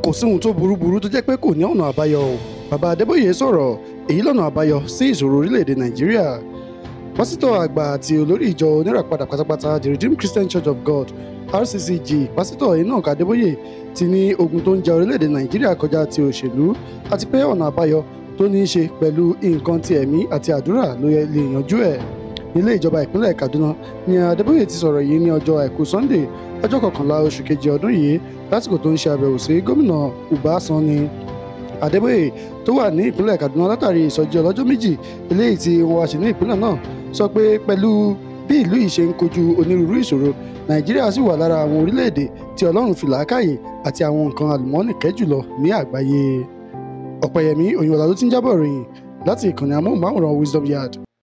kò sí ohun tó burú burú tó jẹ́ pé kò ní ọ̀nà àbáyọ o bàbá adébóyè sọ̀rọ̀ èyí lọ́nà àbáyọ sí ìṣòro orílẹ̀-èdè nàìjíríà pásítọ̀ àgbà àti olórí ìjọ oníràpadà pátápátá the redeemed christian church of god rccg pásítọ̀ enoch adébóyè ti ní ogun tó ń ja orílẹ̀-èdè nàìjíríà kọjá ti òṣèlú àti pé ọ̀nà àbáyọ tó ní í ṣe pẹ̀lú nǹkan ti ẹ̀mí àti àdúrà ló lè yanjú ẹ̀ ilé ìjọba ìpínlẹ̀ Kaduna ni Adébóyè ti sọ̀rọ̀ yìí ní ọjọ́ àìkú Sunday ọjọ́ kọkànlá oṣù kejì ọdún yìí lásìkò tó ń ṣe àbẹ̀wò sí gómìnà Uba Sani Adébóyè tó wà ní ìpínlẹ̀ Kaduna látàrí ìsọjí ọlọ́jọ́ méjì eléyìí tí wọ́n ṣe ní ìpínlẹ̀ náà sọ pé pẹ̀lú bí ìlú yìí ṣe ń kojú onírúurú ìṣòro Nàìjíríà sì wà lára àwọn orílẹ̀-èdè tí Ọlọ́run fi làákàyè àti àwọn nǹkan àlùmọ́ọ́nì kẹ́ jùlọ ní àgbáyé Ọ̀pẹ̀yẹmí Òyìnbọ̀lá ló ti ń jábọ̀ ròyìn láti ìkànnì amóhùnmáwòrán Wisdom Yard